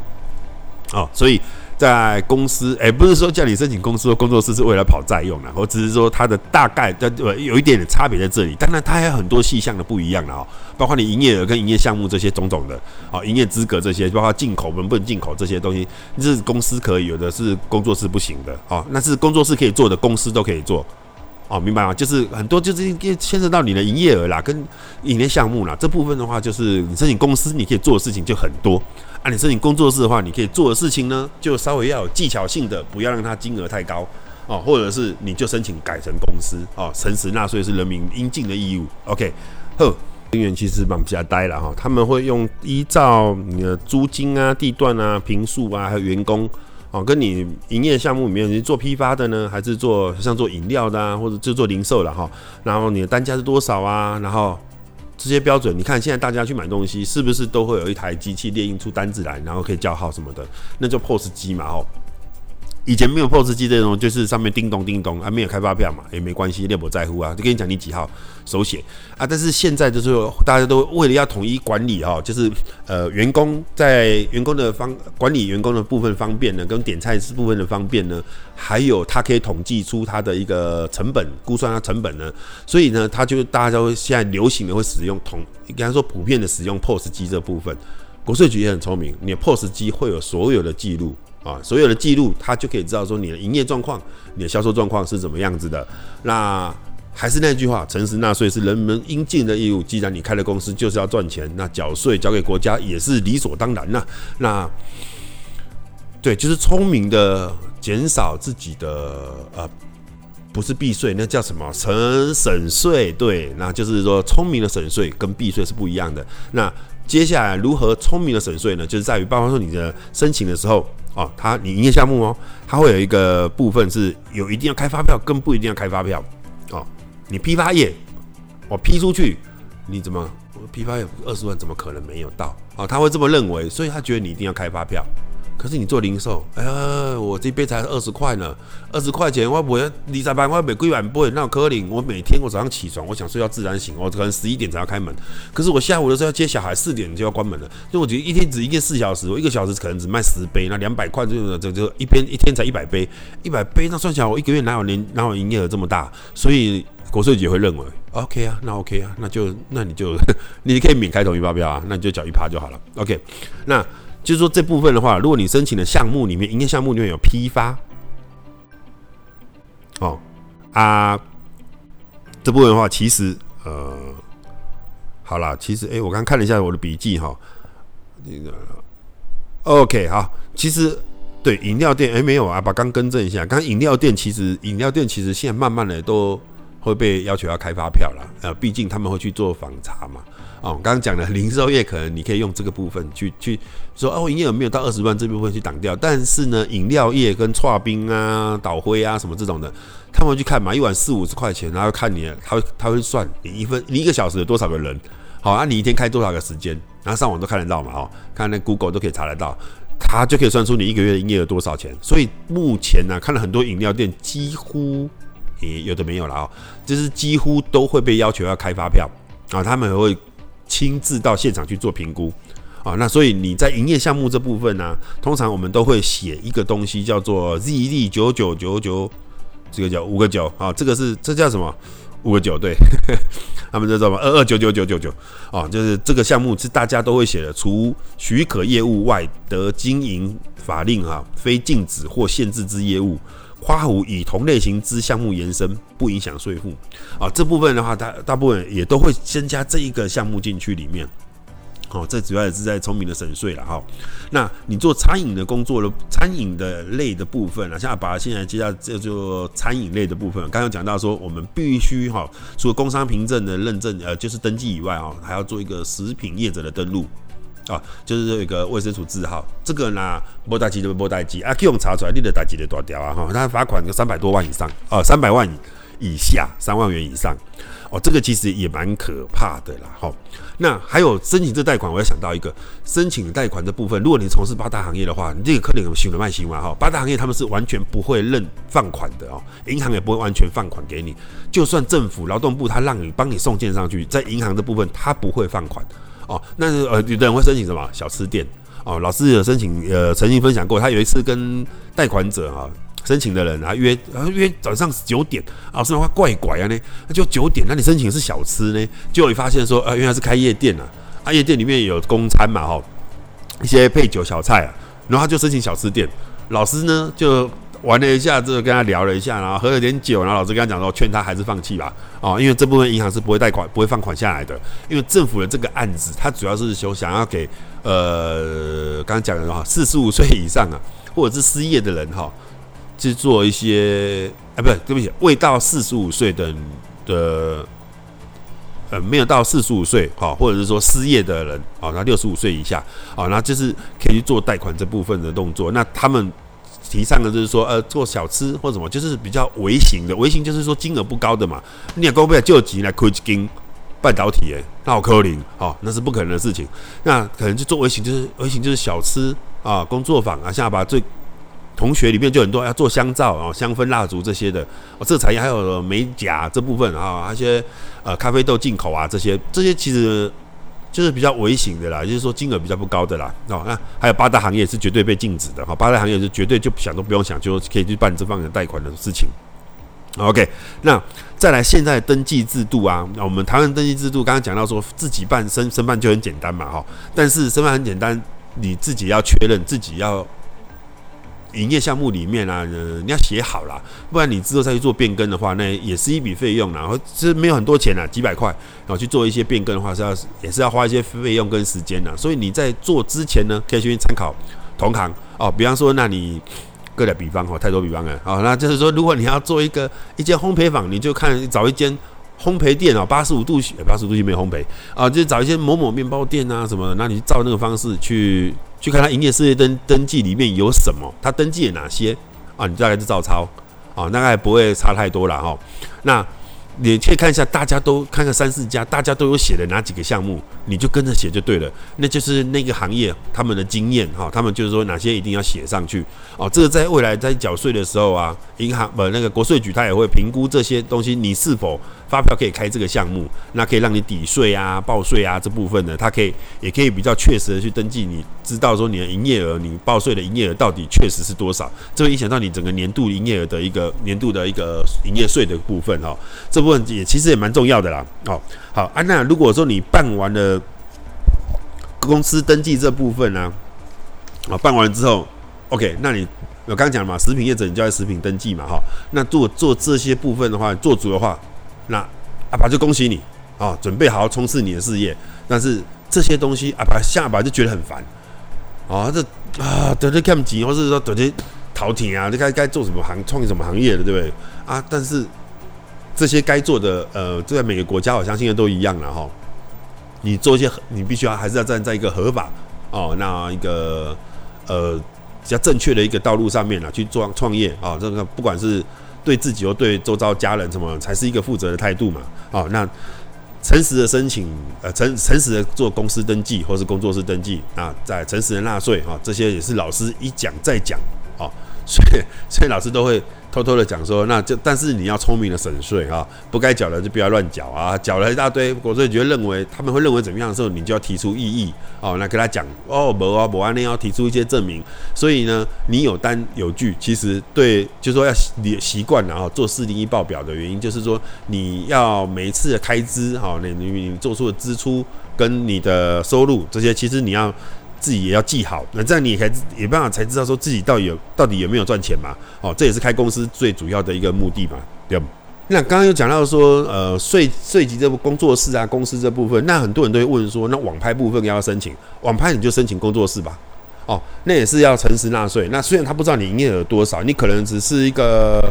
Speaker 1: 啊，所以。在公司，哎，不是說叫你申請公司或工作室是為了跑債用的，我只是說它的大概，呃，有一點點差別在這裡。當然，它還有很多細項的不一樣了哦，包括你營業額跟營業項目這些種種的，啊、哦，營業資格這些，包括進口文本、進口這些東西，就是公司可以，有的是工作室不行的，哦。那是工作室可以做的，公司都可以做，哦，明白嗎？就是很多就是牽涉到你的營業額啦，跟營業項目啦這部分的話，就是你申請公司你可以做的事情就很多。啊，你申請工作室的話，你可以做的事情呢，就稍微要有技巧性的，不要讓它金額太高哦，啊，或者是你就申請改成公司哦，誠實納稅是人民應盡的義務。嗯，OK，呵，人員其實蠻不瞎呆了哈，他們會用依照你的租金啊，地段啊，坪數，啊，還有員工哦，啊，跟你營業項目裡面你是做批發的呢，還是做像做飲料的，啊，或者就做零售的哈，然後你的單價是多少啊，然後。這些標準，你看現在大家去買東西，是不是都會有一台機器列印出單子來，然後可以叫號什麼的？那就 POS 機嘛，哦。以前沒有 POS 機這種，就是上面叮咚叮咚啊，沒有開發票嘛，也、欸、沒關係，你也不在乎啊。就跟你講，你幾號手寫啊？但是現在就是大家都為了要統一管理啊、哦，就是呃，員工在員工的方管理員工的部分方便呢，跟點菜是部分的方便呢，還有它可以統計出它的一個成本估算，它成本呢，所以呢，它就大家都現在流行的會使用統，比方說普遍的使用 POS 機這部分，國稅局也很聰明，你 POS 機會有所有的記錄。啊，所有的記錄，他就可以知道說你的營業狀況、你的銷售狀況是怎麼樣子的。那還是那句話，誠實納稅是人們應盡的義務。既然你開了公司就是要賺錢，那繳稅繳給國家也是理所當然吶、啊。那，那對，就是聰明的減少自己的呃，不是避稅，那叫什麼？成省稅，對，那就是說聰明的省稅跟避稅是不一樣的。那接下來如何聰明的省稅呢？就是在於，包括說你的申請的時候。哦，他你營業項目哦，他會有一個部分是有一定要開發票，跟不一定要開發票。哦，你批發業，我、哦、批出去，你怎麼我批發業二十萬，怎麼可能沒有到？哦，他會這麼認為，所以他覺得你一定要開發票。可是你做零售，哎呀，我這一杯才二十塊呢，二十塊錢我不會，你才百塊每杯，百杯哪有可能。我每天我早上起床，我想睡到自然醒，我可能十一點才要開門。可是我下午的時候要接小孩，四點就要關門了。因為我覺得一天只一個四小時，我一個小時可能只賣十杯，那兩百塊就就就，就一天一天才一百杯，一百杯那算起來我一個月哪有營哪有營業額這麼大？所以國稅局會認為，OK 啊，那 OK 啊，那就那你就 你可以免開統一發票啊，那你就繳一趴就好了，OK，那。就是說，這部分的話，如果你申請的項目裡面，營業項目裡面有批發，哦啊，這部分的話，其實呃，好啦，其實哎，我剛看了一下我的筆記哈，那、哦這個 OK 好，其實，對飲料店哎沒有啊，把剛，剛更正一下，剛，剛飲料店其實，飲料店其實現在慢慢的都會被要求要開發票了，呃，畢竟他們會去做訪查嘛。哦，剛剛講的零售業可能你可以用這個部分去去說哦，營業額沒有到二十萬，這部分去擋掉，但是呢，飲料業跟剉冰啊、倒灰啊什麼這種的，他們會去看嘛，一碗四五十塊錢，然後看你，他會他會算你一分你一個小時有多少個人，好、哦、啊，你一天開多少個時間，然、啊、後上網都看得到嘛，哦，看那 Google 都可以查得到，他就可以算出你一個月營業額多少錢。所以目前呢，看了很多飲料店，幾乎誒，有的沒有了哦，就是幾乎都會被要求要開發票啊，他們會。親自到現場去做評估啊，那所以你在營業項目這部分呢、啊，通常我們都會寫一個東西叫做 ZZ 九九九九，這個叫五個九啊，這個是這叫什麼五個九？對，他們叫什麼？二二九九九九九啊，就是這個項目是大家都會寫的，除許可業務外，得經營法令啊，非禁止或限制之業務。花湖以同類型之項目延伸，不影響稅負啊。這部分的話，大大部分也都會增加這一個項目進去裡面。好、哦，這主要也是在聰明的省稅了哈、哦。那你做餐飲的工作餐飲的類的部分了，像、啊、把現在接下這做餐飲類的部分，剛剛講到說我們必須哈、哦，除了工商憑證的認證，呃，就是登記以外啊、哦，還要做一個食品業者的登錄。啊，就是這個衛生署字號，這個呢沒代記就沒代記啊，可以查出來你的代機的多少條啊哈，他、哦、罰款有三百多萬以上，啊三百萬以下，三萬元以上，哦，這個其實也蠻可怕的啦，哈、哦。那還有申請這貸款，我要想到一個申請貸款的部分，如果你從事八大行業的話，你這個可能有新聞賣新聞哈，八大行業他們是完全不會認放款的哦，銀行也不會完全放款給你，就算政府勞動部他讓你幫你送件上去，在銀行的部分他不會放款。哦，那呃，有的人會申請什麼小吃店？哦，老師有申請，呃，曾經分享過，他有一次跟貸款者啊申請的人，啊約，他、啊、約早上九點、啊，老師的話怪怪啊呢，他、啊、就九點，那你申請是小吃呢，結果你發現說，啊，原來是開夜店啊，啊，夜店裡面有供餐嘛，哈、哦，一些配酒小菜啊，然後他就申請小吃店，老師呢就。玩了一下，之後跟他聊了一下，然後喝了點酒，然後老師跟他講說，勸他還是放棄吧，哦，因為這部分銀行是不會貸款、不會放款下來的，因為政府的這個案子，它主要是說想要給呃，剛剛講的哈，四十五歲以上啊，或者是失業的人哈、哦，去做一些，啊。不對，對不起，未到四十五歲的，呃，呃，沒有到四十五歲哈，或者是說失業的人啊，那六十五歲以下啊，那就是可以去做貸款這部分的動作，那他們。提倡的就是說，呃，做小吃或什麼，就是比較微型的，微型就是說金額不高的嘛。你要搞不了就急，來虧 g 半導體哎，我虧零哦，那是不可能的事情。那可能就做微型，就是微型就是小吃啊，工作坊啊，像把最同學裡面就很多要，啊、做香皂啊、香氛蠟燭這些的哦，這產業還有、啊、美甲這部分啊，啊，一些呃、啊、咖啡豆進口啊這些，這些其實。就是比較微型的啦，就是說金額比較不高的啦，哦，那還有八大行業是絕對被禁止的哈、哦，八大行業是絕對就想都不用想，就可以去辦這方面的貸款的事情。OK，那再來現在登記制度啊，那我們台灣登記制度剛剛講到說自己辦申申辦就很簡單嘛哈、哦，但是申辦很簡單，你自己要確認自己要。營業項目裡面啊、呃、你要寫好了，不然你之後再去做變更的話，那也是一筆費用啦。然後其實沒有很多錢啦，幾百塊，然、喔、後去做一些變更的話是要也是要花一些費用跟時間的。所以你在做之前呢，可以去參考同行哦、喔。比方說，那你各的比方哦、喔，太多比方了。好、喔，那就是說，如果你要做一個一間烘焙坊，你就看找一間烘焙店哦、喔，八十五度，八十五度有沒有烘焙？啊、喔，就找一些某某麵包店啊什麼，那你照那個方式去。去看他營業事業登登記裡面有什麼，他登記了哪些啊？你大概是照抄，啊，大概不會差太多了哈。那你可以看一下，大家都看看三四家，大家都有寫的哪幾個項目，你就跟着寫就對了。那就是那個行業他們的經驗哈、啊，他們就是說哪些一定要寫上去哦、啊。這個在未來在繳稅的時候啊，銀行不、呃、那個國稅局他也會評估這些東西你是否。發票可以開這個項目，那可以讓你抵稅啊、報稅啊這部分呢，它可以也可以比較確實的去登記。你知道說你的營業額，你報稅的營業額到底確實是多少，這會影響到你整個年度營業額的一個年度的一個營業稅的部分哈、哦。這部分也其實也蠻重要的啦。哦、好，好啊，那如果說你辦完了公司登記這部分呢、啊，啊、哦、辦完之後，OK，那你我剛講嘛，食品業者你就要食品登記嘛，哈、哦，那做做這些部分的話，做足的話。那阿爸就恭喜你啊、哦，準備好好衝刺你的事業。但是這些東西啊，阿爸下阿爸就覺得很煩啊、哦。這啊，得得看急，或者說得得逃氣啊，你該該做什麼行，創業什麼行業的，對不對啊？但是這些該做的，呃，這在每個國家，我相信現在都一樣了哈、哦。你做一些，你必須要、啊、還是要站在，在一個合法哦，那一個呃比較正確的一個道路上面啊，去做創業啊、哦。這個不管是。對自己又對周遭家人什麼才是一個負責的態度嘛？啊、哦，那誠實的申請，呃，誠誠實的做公司登記或是工作室登記，啊，再誠實的納稅，哈、哦，這些也是老師一講再講。所以，所以老師都會偷偷的講說，那就但是你要聰明的省稅啊，不該繳的就不要亂繳啊，繳了一大堆，國稅局認為他們會認為怎麼樣的時候，你就要提出異議好，那跟他講哦，某啊，某安內要提出一些證明，所以呢，你有單有據，其實對，就說要習習慣了哦、啊，做四零一報表的原因就是說，你要每一次的開支哈、啊，你你你做出的支出跟你的收入這些，其實你要。自己也要記好，那這樣你才有辦法才知道說自己到底有到底有沒有賺錢嘛？哦，這也是開公司最主要的一個目的嘛，對吧？那剛剛又講到說，呃，稅稅級這部工作室啊，公司這部分，那很多人都會問說，那網拍部分要不要申請？網拍你就申請工作室吧。哦，那也是要誠實納稅。那雖然他不知道你營業額有多少，你可能只是一個。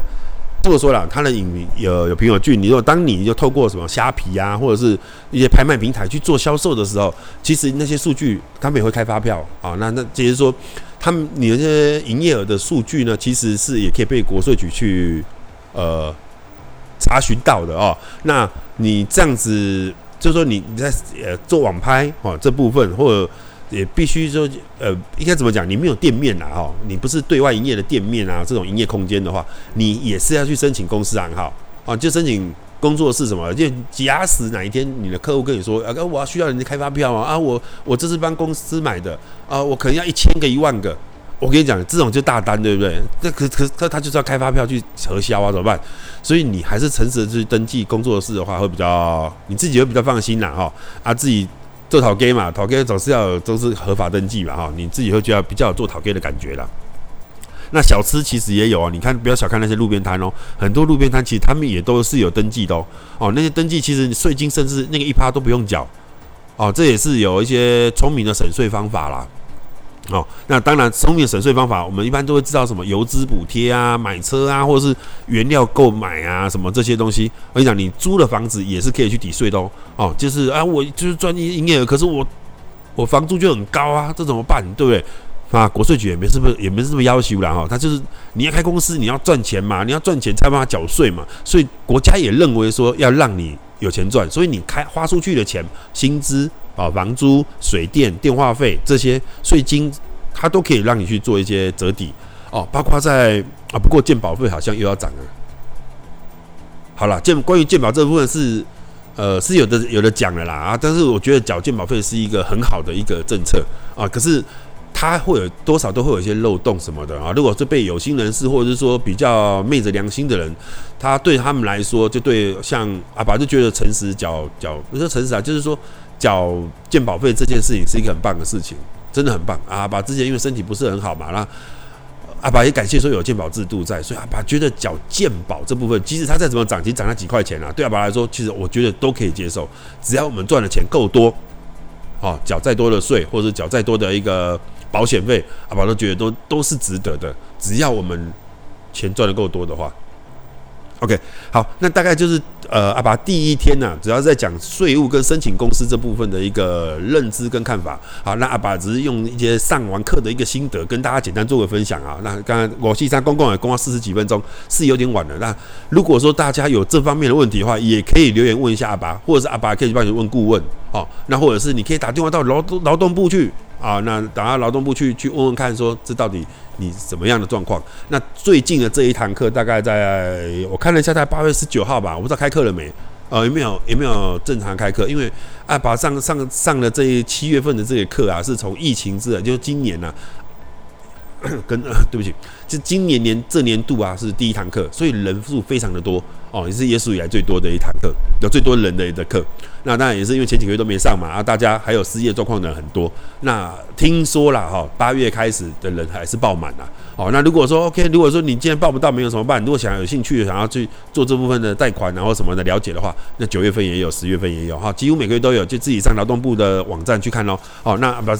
Speaker 1: 如果說了，他的影呃，有朋友據。你如果當你就透過什麼蝦皮啊，或者是一些拍賣平台去做銷售的時候，其實那些數據他們也會開發票啊。那那就是說，他們你的這些營業額的數據呢，其實是也可以被國稅局去呃查詢到的哦、啊。那你這樣子，就是說你你在呃做網拍啊這部分，或者。也必須說，呃，應該怎麼講？你沒有店面啦，哈，你不是對外營業的店面啊，這種營業空間的話，你也是要去申請公司賬號，啊，就申請工作室什麼，就假使哪一天你的客戶跟你說，啊，我要需要人家開發票啊，啊，我我這是幫公司買的啊，我可能要一千個一萬個，我跟你講，這種就大單，對不對？那可可他就是要開發票去核銷啊，怎麼辦？所以你還是誠實的去登記工作室的話，會比較你自己會比較放心啦、啊，哈，啊自己。做淘 g a 嘛，淘 g a 總是要都是合法登記嘛哈、哦，你自己會覺得比較有做淘 g a 的感覺啦。那小吃其實也有啊、哦，你看不要小看那些路邊攤哦，很多路邊攤其實他們也都是有登記的哦哦，那些、個、登記其實稅金甚至那個一趴都不用繳哦，這也是有一些聰明的省稅方法啦。哦，那當然，聰明的省稅方法，我們一般都會知道什麼油資補貼啊、買車啊，或者是原料購買啊，什麼這些東西。我跟你講，你租的房子也是可以去抵稅的哦。哦，就是啊，我就是賺一些營業額，可是我我房租就很高啊，這怎麼辦？對不對？啊，國稅局也沒這麼也沒這麼要求啦哈。他、哦、就是你要開公司，你要賺錢嘛，你要賺錢才幫他繳稅嘛。所以國家也認為說要讓你。有錢賺，所以你開花出去的錢，薪資啊、房租、水電、電話費這些稅金，它都可以讓你去做一些折抵哦。包括在啊，不過健保費好像又要漲了。好了，健關於健保這部分是，呃，是有的有的講了啦啊。但是我覺得繳健保費是一個很好的一個政策啊。可是。他會有多少都會有一些漏洞什麼的啊，如果是被有心人士或者是說比較昧着良心的人，他對他們來說，就對像阿爸就覺得誠實繳繳，不是誠實啊，就是說繳健保費這件事情是一個很棒的事情，真的很棒啊！阿爸之前因為身體不是很好嘛，那阿爸也感謝說有健保制度在，所以阿爸覺得繳健保這部分，即使他再怎麼漲，其實漲了幾塊錢啊，對阿爸來說，其實我覺得都可以接受。只要我們賺的錢夠多，啊，繳再多的稅，或者繳再多的一個保險費阿爸都覺得都都是值得的，只要我們錢賺的夠多的話，OK，好，那大概就是呃阿爸第一天呢、啊，主要在講稅務跟申請公司這部分的一個認知跟看法。好，那阿爸只是用一些上完課的一個心得跟大家簡單做個分享啊。那剛剛我今天公共也公了四十幾分鐘，是有點晚了。那如果說大家有這方面的問題的話，也可以留言問一下阿爸，或者是阿爸可以幫你問顧問哦。那或者是你可以打電話到勞動勞動部去。啊，那等下勞動部去去問問看，說這到底你怎麼樣的狀況？那最近的這一堂課大概在，我看了一下，在八月十九號吧，我不知道開課了沒，呃、啊，有沒有有沒有正常開課？因為啊，把上上上的這一七月份的這些課啊，是從疫情之，就今年呢、啊。跟對不起，就今年年這年度啊是第一堂課，所以人數非常的多哦，也是耶穌以來最多的一堂課，有最多人的一個課。那當然也是因為前幾個月都沒上嘛，啊，大家還有失業狀況的很多。那聽說了哈，八、哦、月開始的人還是爆滿了、啊、哦。那如果說 OK，如果說你今天報不到，沒有什麼辦。如果想要有興趣，想要去做這部分的貸款然後什麼的了解的話，那九月份也有，十月份也有哈、哦，幾乎每個月都有，就自己上勞動部的網站去看咯哦，哦，那不。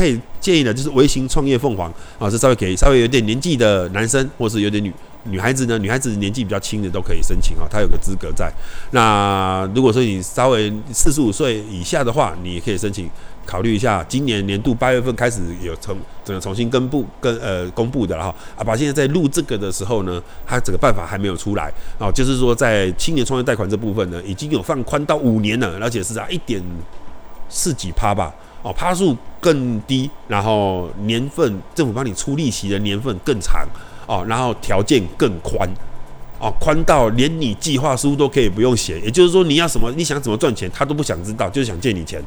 Speaker 1: 可以建議的，就是微型創業鳳凰啊，是稍微可以稍微有點年紀的男生，或是有點女女孩子呢，女孩子年紀比較輕的都可以申請啊，它有個資格在。那如果說你稍微四十五歲以下的話，你也可以申請考慮一下。今年年度八月份開始有重整個重新公布跟呃公布的了哈，啊，把現在在錄這個的時候呢，它整個辦法還沒有出來啊，就是說在青年創業貸款這部分呢，已經有放寬到五年了，而且是在一點四幾趴吧。哦，趴數更低，然後年份政府幫你出利息的年份更長，哦，然後條件更寬，哦，寬到連你計劃書都可以不用寫，也就是說你要什麼，你想怎麼賺錢，他都不想知道，就是想借你錢。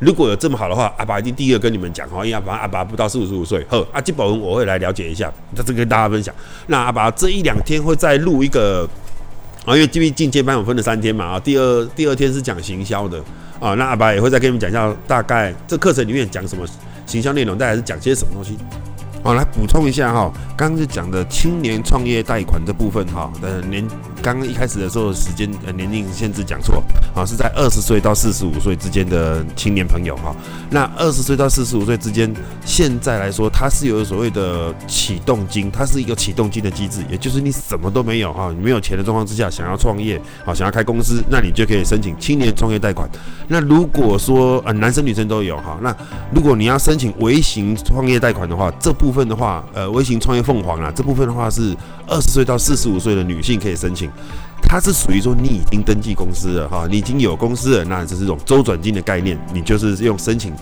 Speaker 1: 如果有這麼好的話，阿拔一定第一個跟你們講哦，因為阿拔阿拔不到四十五歲呵，阿拔這部分我會來了解一下，再跟大家分享。那阿拔這一兩天會再錄一個，啊、哦，因為這邊進階班我分了三天嘛，啊，第二第二天是講行銷的。啊、哦，那阿白也會再跟你們講一下，大概這課程裡面講什麼形象內容，大概是講些什麼東西。好、哦，來補充一下哈，剛剛是講的青年創業貸款這部分哈，呃年剛剛一開始的時候的時間呃年齡限制講錯啊，是在二十歲到四十五歲之間的青年朋友哈。那二十歲到四十五歲之間，現在來說它是有所謂的啟動金，它是一個啟動金的機制，也就是你什麼都沒有哈，你沒有錢的狀況之下想要創業，好想要開公司，那你就可以申請青年創業貸款。那如果說嗯，男生女生都有哈，那如果你要申請微型創業貸款的話，這部部分的話，呃，微型創業鳳凰啊，這部分的話是二十歲到四十五歲的女性可以申請，它是屬於說你已經登記公司了哈，你已經有公司了，那這是一種週轉金的概念，你就是用申請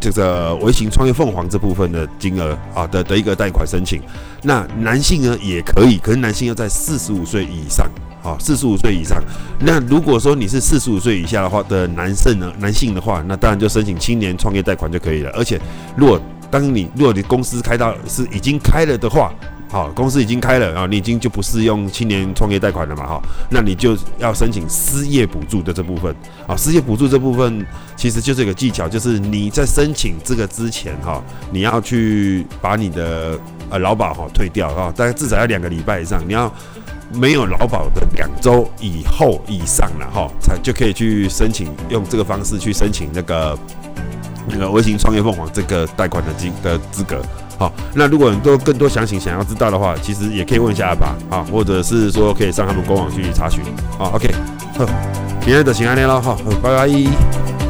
Speaker 1: 這個微型創業鳳凰這部分的金額啊的的一個貸款申請。那男性呢也可以，可是男性要在四十五歲以上啊，四十五歲以上。那如果說你是四十五歲以下的話的男性呢，男性的話，那當然就申請青年創業貸款就可以了。而且，如果但是你，如果你公司開到是已經開了的話，好、哦，公司已經開了，啊、哦，你已經就不是用青年創業貸款了嘛，哈、哦，那你就要申請失業補助的這部分，啊、哦，失業補助這部分其實就是一個技巧，就是你在申請這個之前，哈、哦，你要去把你的呃勞保哈退掉，哈、哦，大概至少要兩個禮拜以上，你要沒有勞保的兩周以後以上了，哈、哦，才就可以去申請，用這個方式去申請那個。那個微型創業鳳凰這個貸款的資的資格，好、哦，那如果都更多詳情想要知道的話，其實也可以問一下阿拔啊、哦，或者是說可以上他們官網去查詢、哦 OK，好 OK，明天的請安聯了好，拜拜。